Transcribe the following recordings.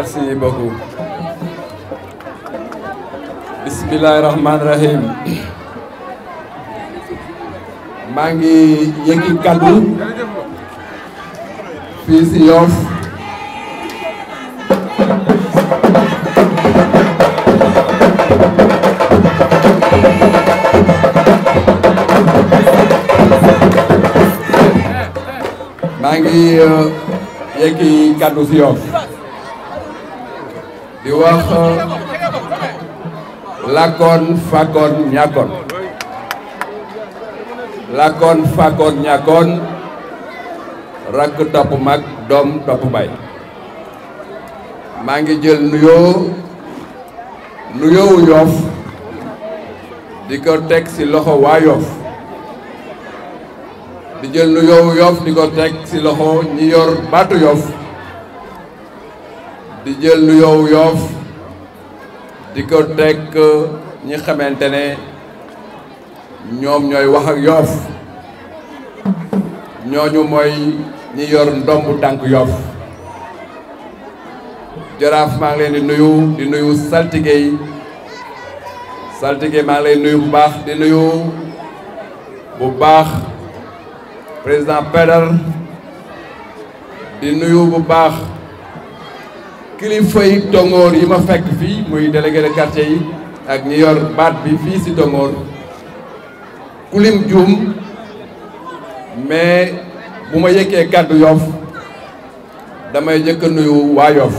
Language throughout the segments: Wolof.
merci beaucoup bismillahi rahmaani rahim maa ngi yëngi kaddu fii si Yoff maa ngi uh, yëngi kaddu si Yoff di wax lakkoon fakkoon ñàkkoon lakkoon fakkoon ñàkkoon rakk topp mag doom topp bay maa ngi jël nuyoo nuyoowu yoof di ko teg ci loxo waa yoof di jël nuyoowu yoof di ko teg ci loxo ñi yor baatu yoof di jël lu yow yoof di ko tekk ñi xamante ne ñoom ñooy wax ak yoof ñooñu mooy ñi yor ndomb tànk yoof jaraaf maa ngi leen di nuyu di nuyu saltige yi saltige maa ngi leen nuyu bu baax di nuyu bu baax président Pédar di nuyu bu baax kilifa yi Tongoor yi ma fekk fii muy délégué de quartier yi ak ñi yor baat bi fii si Tongoor kulim juum mais bu ma yëkkee kàddu Yoff damay jëkk a nuyu waa Yoff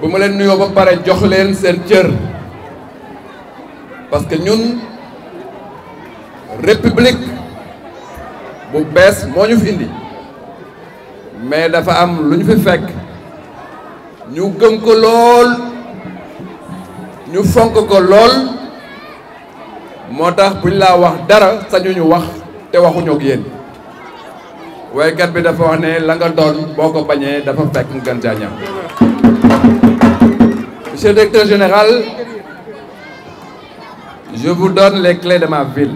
bu ma leen nuyoo ba pare jox leen seen cër parce que ñun république bu bees moo ñu fi indi mais dafa am lu ñu fi fekk ñu gëm ko lool ñu fonk ko lool moo tax bu ñu laa wax dara ñu wax te waxuñook ak yéen waykat bi dafa wax ne la nga doon boo ko bañee dafa fekk nga gën jaañam monsieur général je vous donne les clés de ma ville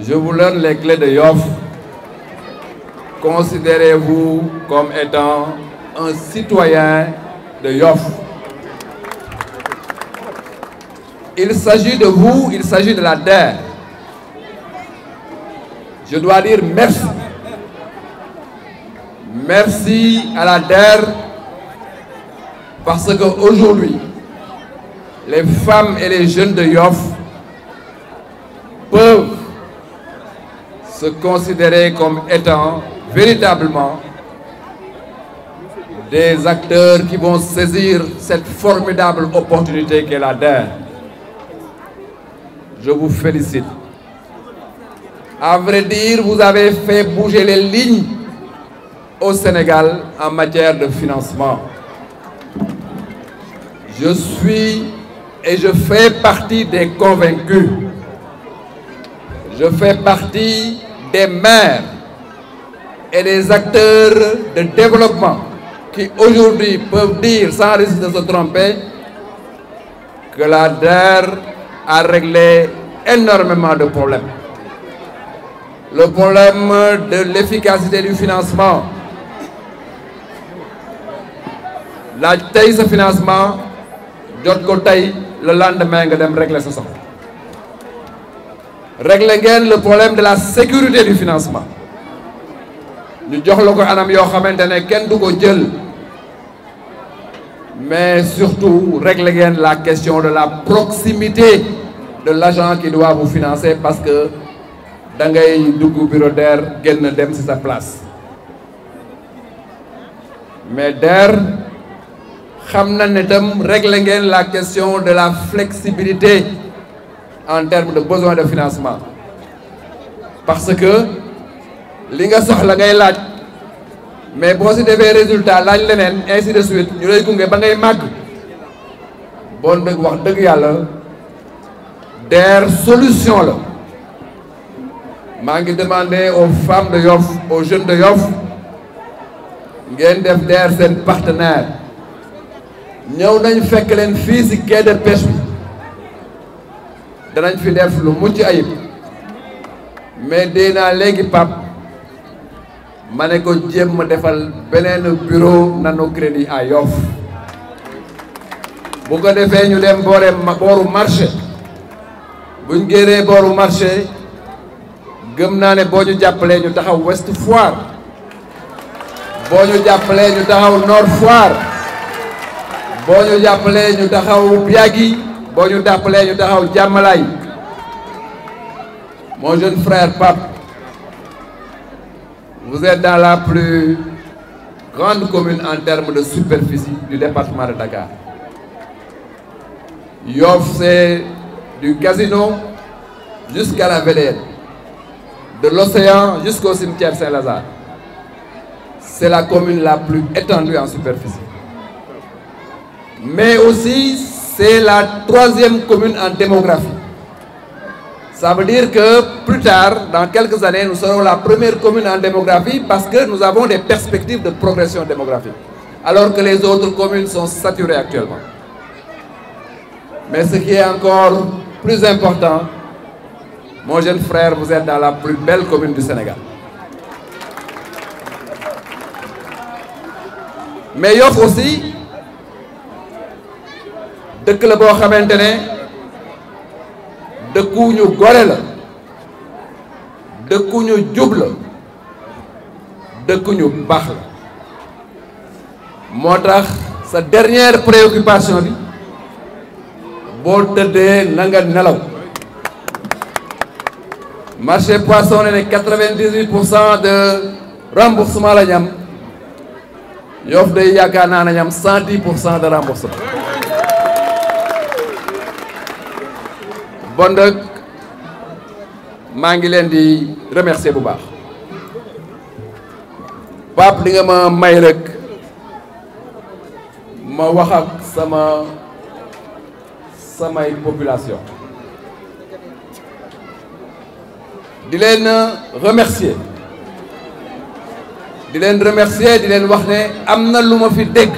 je vous donne les considérez-vous comme étant un citoyen de Yoff. Il s'agit de vous, il s'agit de la terre. Je dois dire merci. Merci à la terre parce qu'aujourd'hui, les femmes et les jeunes de Yoff peuvent se considérer comme étant véritablement des acteurs qui vont saisir cette formidable opportunité qu'est la DER. Je vous félicite. À vrai dire, vous avez fait bouger les lignes au Sénégal en matière de financement. Je suis et je fais partie des convaincus. Je fais partie des maires et les acteurs de développement qui aujourd'hui peuvent dire sans risque de se tromper que la DER a réglé énormément de problèmes. Le problème de l'efficacité du financement. la tey sa financement jot ko tey le lendemain nga dem régler sa soxla régler ngeen le problème de la sécurité du financement ñu jox la ko anam yoo xamante ne kenn du ko jël mais surtout régler ngeen la question de la proximité de l'agent qui doit vous financer parce que da ngay dugg bureau DER génn dem ci sa place mais DER xam na ne tam régler ngeen la question de la flexibilité en termes de besoin de financement parce que li nga soxla ngay laaj mais boo si defee résultat laaj leneen ainsi de suite ñu lay gunge ba ngay màgg bon dëgg wax dëgg yàlla DER solution la maa ngi demander aux femmes de Yoff aux jeunes de Yoff ngeen def DER seen partenaire ñëw nañ fekk leen fii si quai de bi danañ fi def lu ci ayib mais dee naa léegi Pape ma ne ko jéem defal beneen bureau nano crédit à Yoff bu ko defee ñu dem boore booru marché buñ génnee booru marché gëm naa ne boo ñu jàppalee ñu taxaw Ouest Foire boo ñu jàppalee ñu taxaw Nord Foire boo ñu jàppalee ñu taxaw Biagui boo ñu jàppalee ñu taxaw Diamalaye mon jeune frère Pape vous êtes dans la plus commune en termes de superficie du département de Dakar Yoff c'est du Casino jusqu'à la Vélière de l'océan jusqu'au cimetière saint c'est la commune la plus étendue en superficie mais aussi c'est la troisième commune en démographie Ça veut dire que plus tard, dans quelques années, nous serons la première commune en démographie parce que nous avons des perspectives de progression démographique, alors que les autres communes sont saturées actuellement. Mais ce qui est encore plus important, mon jeune frère, vous êtes dans la plus belle commune du Sénégal. Mais Yoff aussi dëkk la boo xamante ne dëkkuñu gore la dëkkuñu jub la dëkkuñu baax la moo tax sa dernière préoccupation bi boo tëddee na nelaw marché poisson ne ne quatre-vingt-dix-huit pour cent de remboursement la ñam Yoff day yaakaar naa na ñam cent dix pour cent de remboursement bon nag maa ngi leen di remercier bu baax Pape li nga ma may rek ma wax ak sama samay population di leen remercier di leen remercier di leen wax ne am na lu ma fi dégg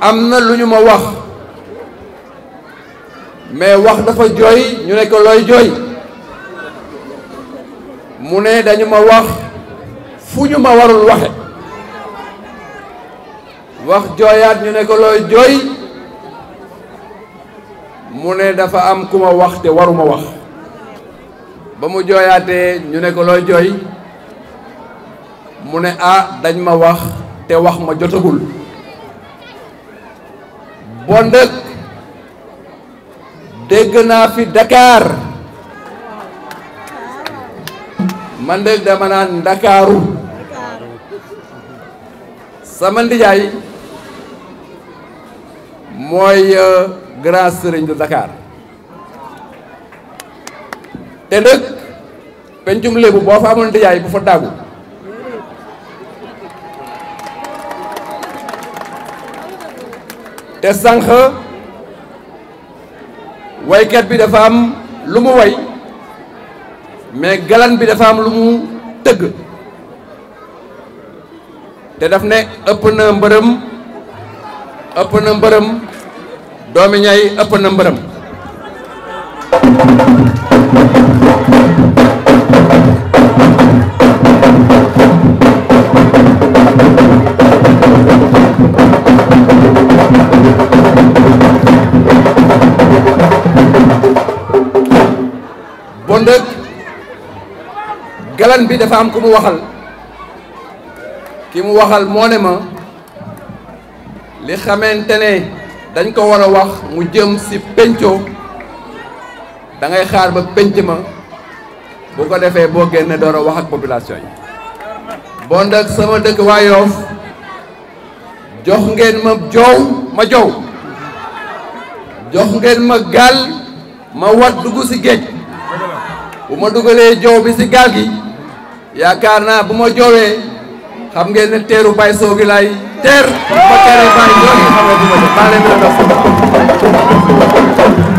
am na lu ñu ma wax mais wax dafa jooy ñu ne ko looy jooy mu ne dañu ma wax fu ñu ma warul waxe wax jooyaat ñu ne ko looy jooy mu ne dafa am ku ma wax te waruma wax ba mu jooyaatee ñu ne ko looy jooy mu ne ah dañ ma wax te wax ma jotagul bon dëkk dégg naa fi Dakar man de dama naan Ndakaaru sama ndijaay mooy euh, grand sëriñ du Dakar te nag pencum lébu boo fa amoon ndijaay bu fa daagu te sànq waykat bi dafa am lu mu woy mais galan bi dafa am lu mu tëgg te daf ne ëpp na mbërëm ëpp na mbërëm doomi ñay ëpp na mbërëm kon nag galan bi dafa am ku mu waxal ki mu waxal moo ne ma li xamante ne dañ ko war a wax mu jëm ci penco dangay xaar ba penc ma bu ko defee boo génne door a wax ak population yi bon nag sama dëkk waa Yoff jox ngeen ma joow ma joow jox ngeen ma gaal ma wat dugg ci géej bu ma dugalee joow bi si gaal gi yaakaar naa bu ma joowee xam ngeen teeru bay soo gi laay teer bu ma teeree bay soo xam nga du ma def maa leen